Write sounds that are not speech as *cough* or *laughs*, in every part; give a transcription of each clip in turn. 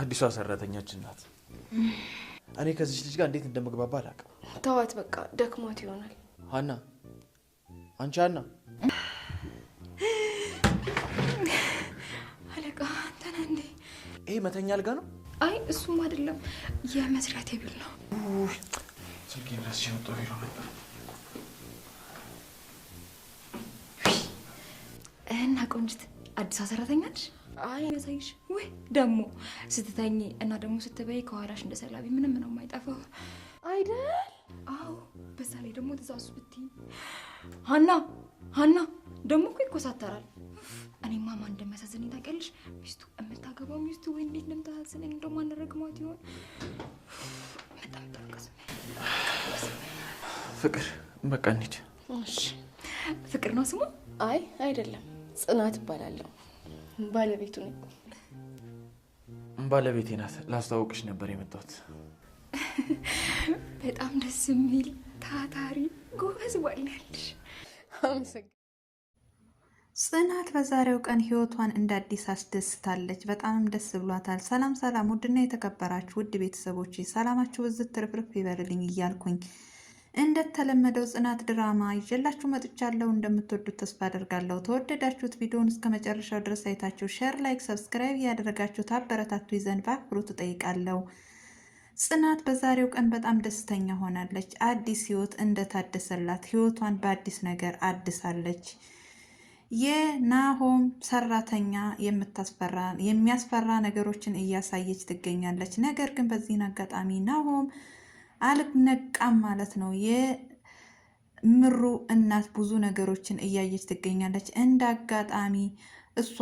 አዲሷ ሰራተኛችን ናት። እኔ ከዚች ልጅ ጋር እንዴት እንደምግባባ አላውቅም። ተዋት በቃ ደክሞት ይሆናል። ሀና፣ አንቺ ሀና። አለቃ አንተ እንዴ? ይሄ መተኛ አልጋ ነው? አይ እሱም አይደለም የመስሪያ ቴብል ነው። ቢሮ ነበር እና ቆንጅት አዲሷ ሰራተኛች? አይ ያሳይሽ ወይ ደግሞ ስትተኝ እና ደግሞ ስትበይ ከኋላሽ እንደ ሰላቢ ምንም ነው የማይጠፋው አይደል? አዎ። በዛ ላይ ደግሞ ትእዛዙ ብትይ ሀና ሀና ደግሞ እኮ ይኮሳተራል። እኔ ማማ እንደሚያሳዝነኝ ታውቂያለሽ? ሚስቱ የምታገባው ሚስቱ ወይ እንዴት እንደምታሳዝነኝ ደግሞ አንረግማት ይሆን ፍቅር። በቃ እንሂድ። ፍቅር ነው ስሙ? አይ አይደለም፣ ጽናት እባላለሁ። ባለቤቱ ነኝ። ባለቤቴ ናት። ላስተዋውቅሽ ነበር የመጣሁት። *laughs* በጣም ደስ የሚል ታታሪ ጎበዝ ባል ጽናት በዛሬው ቀን ህይወቷን እንደ አዲስ አስደስታለች። በጣምም ደስ ብሏታል። ሰላም ሰላም! ውድና የተከበራችሁ ውድ ቤተሰቦች ሰላማችሁ ብዝት ትርፍርፍ ይበልልኝ እያልኩኝ እንደተለመደው ጽናት ድራማ ይዤላችሁ መጥቻለሁ። እንደምትወዱት ተስፋ አደርጋለሁ። ተወደዳችሁት ቪዲዮውን እስከ መጨረሻው ድረስ አይታችሁ ሼር፣ ላይክ፣ ሰብስክራይብ ያደረጋችሁት አበረታቱ ይዘን በአክብሮት እጠይቃለሁ። ጽናት በዛሬው ቀን በጣም ደስተኛ ሆናለች። አዲስ ህይወት እንደታደሰላት ህይወቷን በአዲስ ነገር አድሳለች። የናሆም ሰራተኛ የምታስፈራ የሚያስፈራ ነገሮችን እያሳየች ትገኛለች። ነገር ግን በዚህን አጋጣሚ ናሆም አልነቃም ማለት ነው። የምሩ እናት ብዙ ነገሮችን እያየች ትገኛለች። እንደ አጋጣሚ እሷ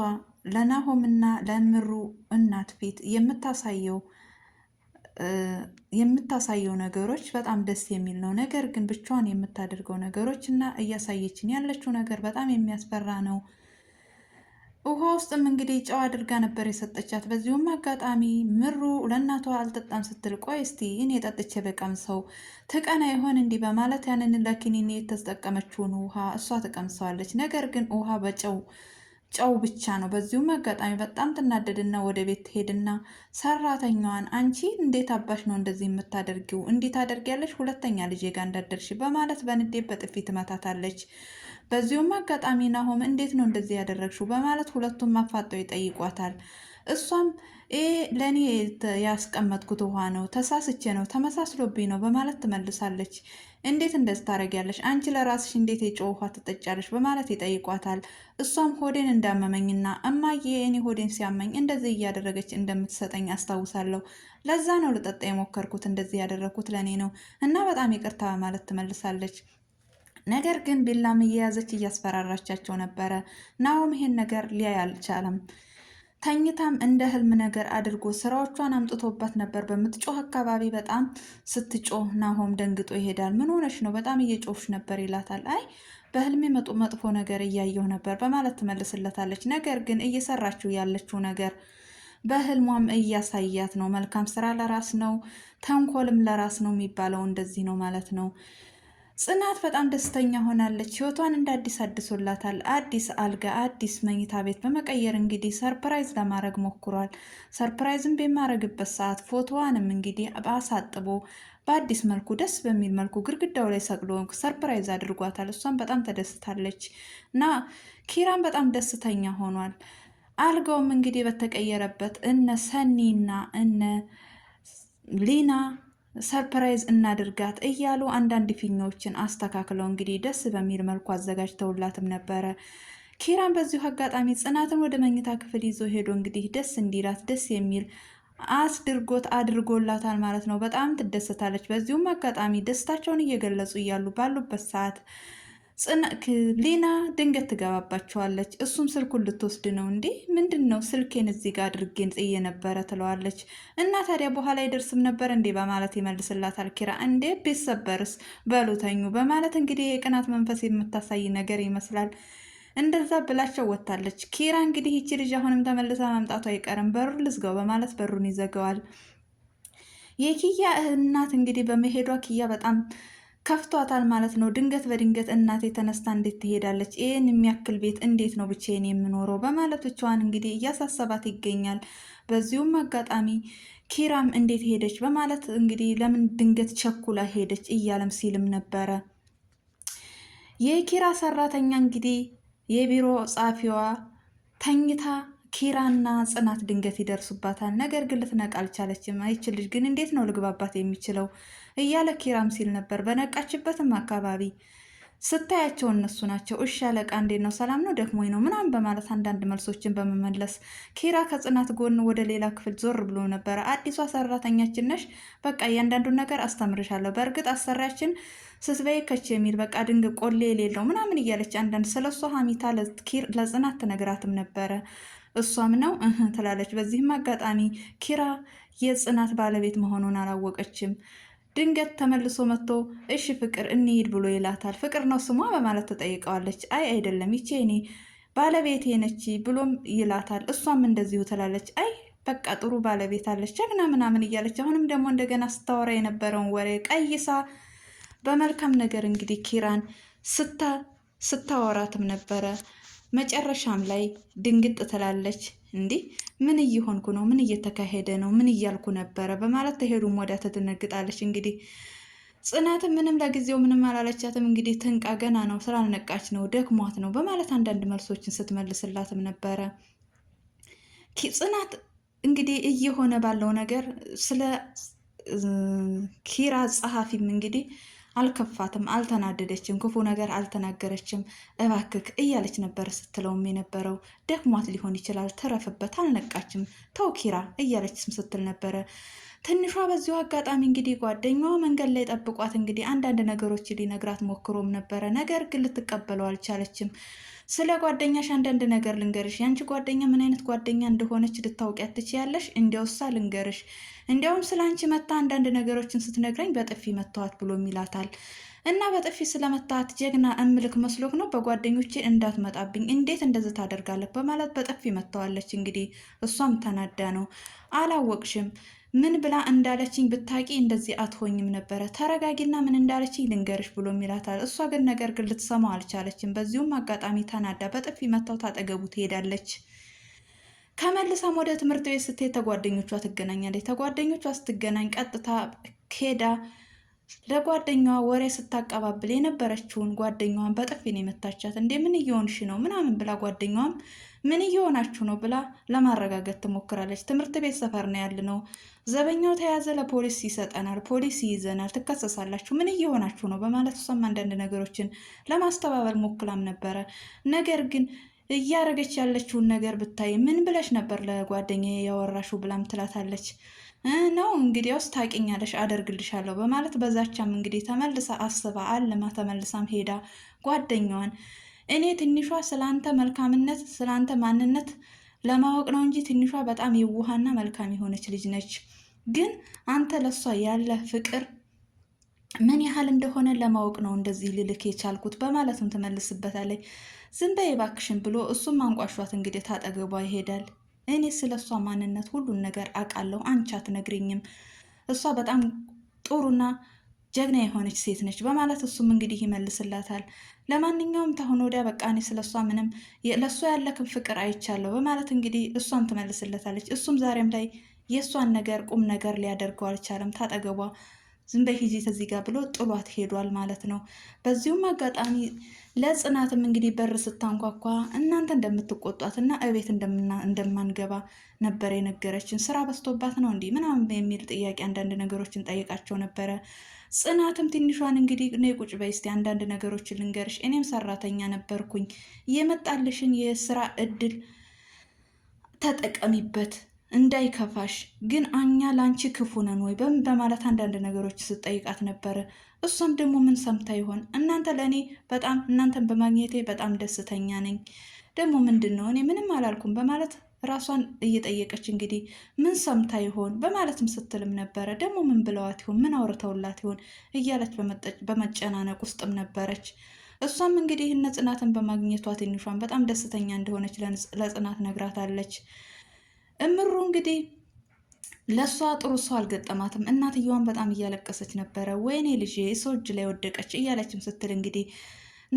ለናሆምና ለምሩ እናት ፊት የምታሳየው የምታሳየው ነገሮች በጣም ደስ የሚል ነው። ነገር ግን ብቻዋን የምታደርገው ነገሮች እና እያሳየችን ያለችው ነገር በጣም የሚያስፈራ ነው። ውሃ ውስጥም እንግዲህ ጨው አድርጋ ነበር የሰጠቻት። በዚሁም አጋጣሚ ምሩ ለእናቷ አልጠጣም ስትል ቆይ እስቲ እኔ የጠጥቼ በቀምሰው ተቀና ይሆን እንዲህ በማለት ያንን ለኪኒኔ የተጠቀመችውን ውሃ እሷ ትቀምሰዋለች። ነገር ግን ውሃ በጨው ጨው ብቻ ነው። በዚሁም አጋጣሚ በጣም ትናደድና ወደ ቤት ትሄድና ሰራተኛዋን አንቺ እንዴት አባሽ ነው እንደዚህ የምታደርጊው? እንዲህ ታደርጊያለሽ? ሁለተኛ ልጄ ጋ እንዳደርሽ በማለት በንዴት በጥፊ ትመታታለች። በዚሁም አጋጣሚ ናሆም እንዴት ነው እንደዚህ ያደረግሽው በማለት ሁለቱም አፋጠው ይጠይቋታል። እሷም ይሄ ለእኔ ያስቀመጥኩት ውሃ ነው፣ ተሳስቼ ነው፣ ተመሳስሎብኝ ነው በማለት ትመልሳለች። እንዴት እንደዚህ ታደርጊያለሽ? አንቺ ለራስሽ እንዴት የጨው ውሃ ትጠጫለሽ? በማለት ይጠይቋታል። እሷም ሆዴን እንዳመመኝና እማዬ እኔ ሆዴን ሲያመኝ እንደዚህ እያደረገች እንደምትሰጠኝ አስታውሳለሁ። ለዛ ነው ልጠጣ የሞከርኩት፣ እንደዚህ ያደረግኩት ለእኔ ነው እና በጣም ይቅርታ በማለት ትመልሳለች። ነገር ግን ቢላም እየያዘች እያስፈራራቻቸው ነበረ። ናሆም ይሄን ነገር ሊያይ አልቻለም። ተኝታም እንደ ህልም ነገር አድርጎ ስራዎቿን አምጥቶባት ነበር። በምትጮህ አካባቢ በጣም ስትጮህ ናሆም ደንግጦ ይሄዳል። ምን ሆነች ነው በጣም እየጮሽ ነበር ይላታል። አይ በህልሜ መጥፎ ነገር እያየሁ ነበር በማለት ትመልስለታለች። ነገር ግን እየሰራችው ያለችው ነገር በህልሟም እያሳያት ነው። መልካም ስራ ለራስ ነው፣ ተንኮልም ለራስ ነው የሚባለው እንደዚህ ነው ማለት ነው። ጽናት በጣም ደስተኛ ሆናለች። ህይወቷን እንደ አዲስ አድሶላታል። አዲስ አልጋ፣ አዲስ መኝታ ቤት በመቀየር እንግዲህ ሰርፕራይዝ ለማድረግ ሞክሯል። ሰርፕራይዝም በማረግበት ሰዓት ፎቶዋንም እንግዲህ አሳጥቦ በአዲስ መልኩ ደስ በሚል መልኩ ግድግዳው ላይ ሰቅሎ ሰርፕራይዝ አድርጓታል። እሷም በጣም ተደስታለች እና ኪራም በጣም ደስተኛ ሆኗል። አልጋውም እንግዲህ በተቀየረበት እነ ሰኒና እነ ሊና ሰርፕራይዝ እናድርጋት እያሉ አንዳንድ ፊኛዎችን አስተካክለው እንግዲህ ደስ በሚል መልኩ አዘጋጅተውላትም ነበረ። ኪራን በዚሁ አጋጣሚ ጽናትን ወደ መኝታ ክፍል ይዞ ሄዶ እንግዲህ ደስ እንዲላት ደስ የሚል አስድርጎት አድርጎላታል ማለት ነው። በጣም ትደሰታለች። በዚሁም አጋጣሚ ደስታቸውን እየገለጹ እያሉ ባሉበት ሰዓት ሊና ድንገት ትገባባቸዋለች። እሱም ስልኩን ልትወስድ ነው። እንዴ ምንድን ነው ስልኬን እዚህ ጋር አድርጌን ጽዬ ነበረ ትለዋለች። እና ታዲያ በኋላ አይደርስም ነበር እንዴ በማለት ይመልስላታል ኪራ። እንዴ ቢሰበርስ በሉተኙ በማለት እንግዲህ የቅናት መንፈስ የምታሳይ ነገር ይመስላል። እንደዛ ብላቸው ወጥታለች። ኪራ እንግዲህ ይቺ ልጅ አሁንም ተመልሳ መምጣቱ አይቀርም በሩን ልዝጋው በማለት በሩን ይዘጋዋል። የኪያ እናት እንግዲህ በመሄዷ ኪያ በጣም ከፍቷታል ማለት ነው። ድንገት በድንገት እናቴ ተነስታ እንዴት ትሄዳለች? ይህን የሚያክል ቤት እንዴት ነው ብቻዬን የምኖረው? በማለት ብቻዋን እንግዲህ እያሳሰባት ይገኛል። በዚሁም አጋጣሚ ኪራም እንዴት ሄደች በማለት እንግዲህ ለምን ድንገት ቸኩላ ሄደች እያለም ሲልም ነበረ። የኪራ ሰራተኛ እንግዲህ የቢሮ ጻፊዋ ተኝታ ኪራና ጽናት ድንገት ይደርሱባታል። ነገር ግን ልትነቃ አልቻለችም። አይችል ልጅ ግን እንዴት ነው ልግባባት የሚችለው እያለ ኪራም ሲል ነበር። በነቃችበትም አካባቢ ስታያቸው እነሱ ናቸው። እሺ አለቃ፣ እንዴት ነው ሰላም ነው ደክሞኝ ነው ምናምን በማለት አንዳንድ መልሶችን በመመለስ ኪራ ከጽናት ጎን ወደ ሌላ ክፍል ዞር ብሎ ነበረ። አዲሷ ሰራተኛችን ነሽ፣ በቃ እያንዳንዱን ነገር አስተምርሻለሁ። በእርግጥ አሰሪያችን ስትበይ ከች የሚል በቃ ድንግ ቆሌ የሌለው ምናምን እያለች አንዳንድ ስለሷ ሀሚታ ለጽናት ትነግራትም ነበረ። እሷም ነው እህ ትላለች። በዚህም አጋጣሚ ኪራ የጽናት ባለቤት መሆኑን አላወቀችም። ድንገት ተመልሶ መጥቶ እሺ ፍቅር እንሂድ ብሎ ይላታል። ፍቅር ነው ስሟ በማለት ተጠይቀዋለች። አይ አይደለም ይቼ እኔ ባለቤቴ ነች ብሎም ይላታል። እሷም እንደዚሁ ትላለች። አይ በቃ ጥሩ ባለቤት አለች ጀግና ምናምን እያለች አሁንም ደግሞ እንደገና ስታወራ የነበረውን ወሬ ቀይሳ በመልካም ነገር እንግዲህ ኪራን ስታ ስታወራትም ነበረ። መጨረሻም ላይ ድንግጥ ትላለች። እንዲህ ምን እየሆንኩ ነው? ምን እየተካሄደ ነው? ምን እያልኩ ነበረ? በማለት ተሄዱም ወዲያ ትደነግጣለች። እንግዲህ ጽናትም ምንም ለጊዜው ምንም አላለቻትም። እንግዲህ ትንቃ ገና ነው፣ ስላልነቃች ነው፣ ደክሟት ነው በማለት አንዳንድ መልሶችን ስትመልስላትም ነበረ ጽናት እንግዲህ እየሆነ ባለው ነገር ስለ ኪራ ጸሐፊም እንግዲህ አልከፋትም፣ አልተናደደችም፣ ክፉ ነገር አልተናገረችም። እባክክ እያለች ነበር ስትለውም የነበረው ደክሟት ሊሆን ይችላል፣ ተረፍበት፣ አልነቃችም፣ ተው ኪራ እያለችም ስትል ነበረ። ትንሿ በዚሁ አጋጣሚ እንግዲህ ጓደኛዋ መንገድ ላይ ጠብቋት እንግዲህ አንዳንድ ነገሮች ሊነግራት ሞክሮም ነበረ። ነገር ግን ልትቀበለው አልቻለችም። ስለ ጓደኛሽ አንዳንድ ነገር ልንገርሽ። ያንቺ ጓደኛ ምን አይነት ጓደኛ እንደሆነች ልታውቂያት ትችያለሽ። እንዲያውሳ ልንገርሽ፣ እንዲያውም ስለ አንቺ መታ አንዳንድ ነገሮችን ስትነግረኝ በጥፊ መታዋት ብሎም ይላታል። እና በጥፊ ስለመታት ጀግና እምልክ መስሎክ ነው በጓደኞቼ እንዳትመጣብኝ እንዴት እንደዚህ ታደርጋለህ? በማለት በጥፊ መታዋለች። እንግዲህ እሷም ተናዳ ነው አላወቅሽም ምን ብላ እንዳለችኝ ብታቂ እንደዚህ አትሆኝም ነበረ። ተረጋጊና ምን እንዳለችኝ ልንገርሽ ብሎ ይላታል። እሷ ግን ነገር ግን ልትሰማው አልቻለችም። በዚሁም አጋጣሚ ተናዳ በጥፊ መታው ታጠገቡ ትሄዳለች። ከመልሳም ወደ ትምህርት ቤት ስትሄድ ተጓደኞቿ ትገናኛለች። ተጓደኞቿ ስትገናኝ ቀጥታ ሄዳ ለጓደኛዋ ወሬ ስታቀባብል የነበረችውን ጓደኛዋን በጥፊ ነው የመታቻት። እንዴ ምን እየሆንሽ ነው ምናምን ብላ ጓደኛዋም ምን እየሆናችሁ ነው ብላ ለማረጋገጥ ትሞክራለች። ትምህርት ቤት ሰፈር ነው ነው፣ ዘበኛው ተያዘ፣ ለፖሊስ ይሰጠናል፣ ፖሊስ ይይዘናል፣ ትከሰሳላችሁ፣ ምን እየሆናችሁ ነው በማለት እሷም አንዳንድ ነገሮችን ለማስተባበል ሞክላም ነበረ። ነገር ግን እያረገች ያለችውን ነገር ብታይ ምን ብለሽ ነበር ለጓደኛ ያወራሹ ብላም ትላታለች። ነው እንግዲያውስ ታውቂኛለሽ፣ አደርግልሻለሁ በማለት በዛቻም እንግዲህ ተመልሳ አስባ አለማ ተመልሳም ሄዳ ጓደኛዋን እኔ ትንሿ ስላንተ መልካምነት ስላንተ ማንነት ለማወቅ ነው እንጂ ትንሿ በጣም የውሃና መልካም የሆነች ልጅ ነች። ግን አንተ ለሷ ያለ ፍቅር ምን ያህል እንደሆነ ለማወቅ ነው እንደዚህ ልልክ የቻልኩት በማለትም ትመልስበታለች። ዝም በይ እባክሽን ብሎ እሱም አንቋሿት እንግዲህ ታጠገቧ ይሄዳል። እኔ ስለ እሷ ማንነት ሁሉን ነገር አውቃለሁ፣ አንቺ አትነግሪኝም። እሷ በጣም ጥሩና ጀግና የሆነች ሴት ነች በማለት እሱም እንግዲህ ይመልስላታል። ለማንኛውም ተሆነ ወዲያ በቃ እኔ ስለሷ ምንም ለእሷ ያለክን ፍቅር አይቻለሁ በማለት እንግዲህ እሷም ትመልስለታለች። እሱም ዛሬም ላይ የእሷን ነገር ቁም ነገር ሊያደርገው አልቻለም። ታጠገቧ ዝም በይ ሂጂ ተዚህ ጋር ብሎ ጥሏት ሄዷል ማለት ነው። በዚሁም አጋጣሚ ለጽናትም እንግዲህ በር ስታንኳኳ እናንተ እንደምትቆጧት እና እቤት እንደማንገባ ነበር የነገረችን። ስራ በዝቶባት ነው እንዲህ ምናምን የሚል ጥያቄ አንዳንድ ነገሮችን ጠይቃቸው ነበረ ጽናትም ትንሿን እንግዲህ ነይ ቁጭ በይ እስቲ አንዳንድ ነገሮችን ልንገርሽ፣ እኔም ሰራተኛ ነበርኩኝ። የመጣልሽን የስራ እድል ተጠቀሚበት እንዳይከፋሽ ግን እኛ ለአንቺ ክፉ ነን ወይ በምን በማለት አንዳንድ ነገሮች ስጠይቃት ነበረ። እሷም ደግሞ ምን ሰምታ ይሆን? እናንተ ለእኔ በጣም እናንተን በማግኘቴ በጣም ደስተኛ ነኝ። ደግሞ ምንድን ነው እኔ ምንም አላልኩም በማለት ራሷን እየጠየቀች እንግዲህ ምን ሰምታ ይሆን በማለትም ስትልም ነበረ። ደግሞ ምን ብለዋት ይሆን ምን አውርተውላት ይሆን እያለች በመጨናነቅ ውስጥም ነበረች። እሷም እንግዲህ እነ ጽናትን በማግኘቷ ትንሿን በጣም ደስተኛ እንደሆነች ለጽናት ነግራታለች። እምሩ እንግዲህ ለእሷ ጥሩ ሰው አልገጠማትም። እናትየዋን በጣም እያለቀሰች ነበረ። ወይኔ ልጄ ሰው እጅ ላይ ወደቀች እያለችም ስትል እንግዲህ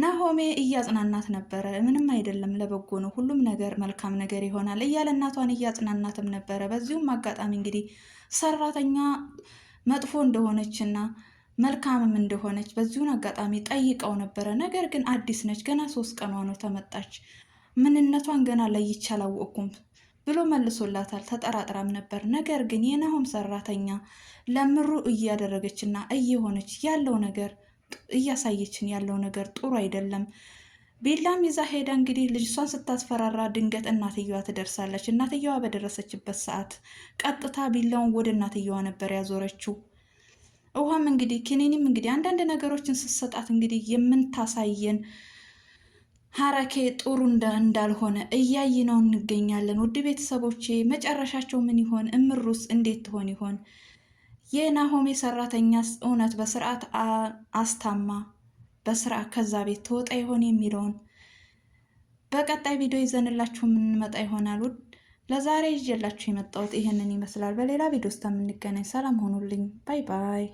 ናሆሜ እያጽናናት ነበረ። ምንም አይደለም፣ ለበጎ ነው፣ ሁሉም ነገር መልካም ነገር ይሆናል እያለ እናቷን እያጽናናትም ነበረ። በዚሁም አጋጣሚ እንግዲህ ሰራተኛ መጥፎ እንደሆነችና መልካምም እንደሆነች በዚሁን አጋጣሚ ጠይቀው ነበረ። ነገር ግን አዲስ ነች፣ ገና ሶስት ቀኗ ነው ተመጣች፣ ምንነቷን ገና ለይቼ አላወቅኩም ብሎ መልሶላታል። ተጠራጥራም ነበር። ነገር ግን የናሆም ሰራተኛ ለምሩ እያደረገችና እየሆነች ያለው ነገር እያሳየችን ያለው ነገር ጥሩ አይደለም። ቤላም ይዛ ሄዳ እንግዲህ ልጅሷን ስታስፈራራ ድንገት እናትየዋ ትደርሳለች። እናትየዋ በደረሰችበት ሰዓት ቀጥታ ቢላውን ወደ እናትየዋ ነበር ያዞረችው። ውሃም እንግዲህ ኪኒኒም እንግዲህ አንዳንድ ነገሮችን ስትሰጣት እንግዲህ የምንታሳየን ሀረኬ ጥሩ እንዳልሆነ እያይ ነው እንገኛለን። ውድ ቤተሰቦቼ መጨረሻቸው ምን ይሆን? እምሩስ እንዴት ትሆን ይሆን? የናሆሜ ሰራተኛ እውነት በስርዓት አስታማ በስርዓት ከዛ ቤት ተወጣ ይሆን የሚለውን በቀጣይ ቪዲዮ ይዘንላችሁ የምንመጣ ይሆናል። ውድ ለዛሬ ይዤላችሁ የመጣሁት ይህንን ይመስላል። በሌላ ቪዲዮ ውስጥ የምንገናኝ። ሰላም ሆኑልኝ። ባይ ባይ።